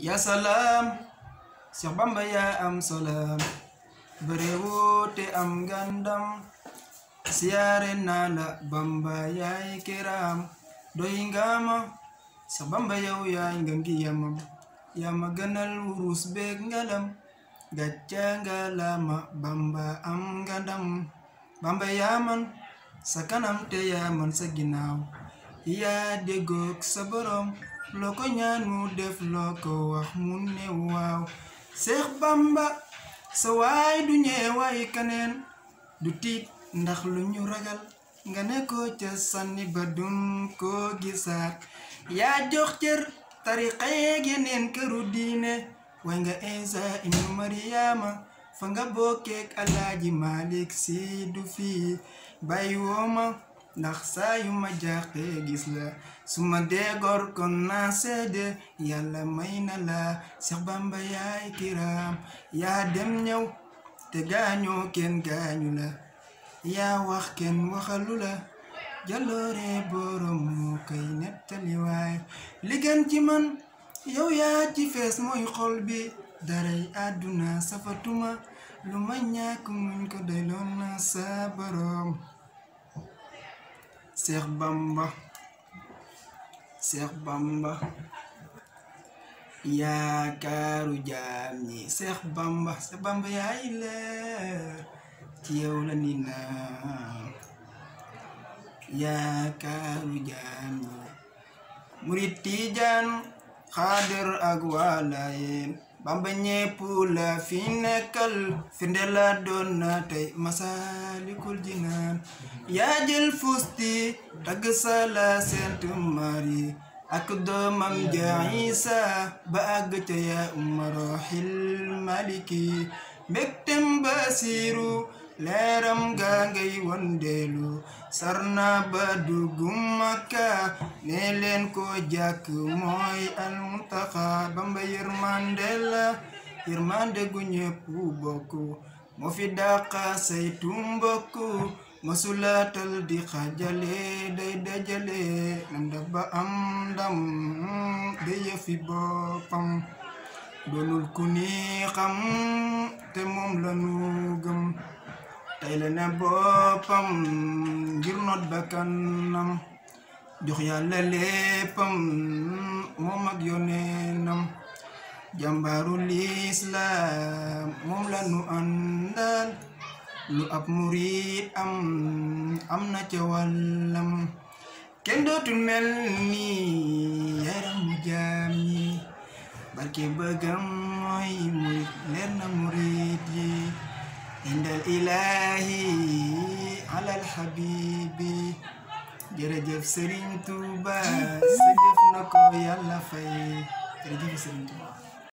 ya salaam Cheikh Bamba yaa am salaam bare woote am ngandam siyaare naa la Bamba yaay kiraam doy ngaama Cheikh Bamba yow yaay nga ngi yamam yaa ma gënal wurus beeg ngalam gàcca ngalaama Bamba am ngandam Bamba yaa sa kanam te yaa sa ginnaaw yaa déggoog sa borom loo ko ñaan mu def loo ko wax mu ne waaw Seex Bamba sa waay du ñeewaay kaneen du tiit ndax lu ñu ragal nga nekkoo ca sànni ba dun koo gisaat yaa jox cër tariqa yeeg yeneen këru diine way nga Isa ibnu Mariama fa nga bokkeek Alaaji Malik Si du fii bàyyi ndax saa yu ma jaaxee gis la su ma dee gor kon naa seede yàlla may na la Seex Bamba yaay kiram yaa dem ñëw te gaañoo kenn gaañu la yaa wax kenn waxalu la jaloore borom moo koy nettali waay li gën ci man yow yaa ci fees mooy xol bi daray àdduna safatuma lu ma ñàkk muñ ko doyloon na sa borom Seex Bamba Seex Bamba yaakaaru jaam ñi Seex Bamba Seex Bamba yaay leer ci yow la ni naa yaakaaru jaam ñi murit Tijaan Xaadir ak waa Laayeen bamba ñépp la fi nekkal firnde la doon na tey masalikul jël fusti tagg sala sent ak doomam ja ba àgg ca ya umaroxil maliki mbégtem basiru leeram gaa ngay wondeelu sarna ba dugg Makka ne leen ko jàkk mooy al muntaxa bamba yërmande la yërmande gu ñépp bokk moo fi dàqa saytu mbokk masulaatal di xajale day dajale nanda ba am ndam daya fi boppam doonul ku ni xam te moom lanu bàyyil na boppam ngir noot ba jox yàlla léppam moom ak yoneenam jàmbaaru lislaam moom la nu àndal lu ab murit am am na ca wàllam kenn dootul mel ni yaramu jaam yi barke bëggam mooy murit leer na murit yi ilaahi alal habibi jërëjëf Serigne Touba sa jëf na ko yàlla fay jërëjëf Serigne Touba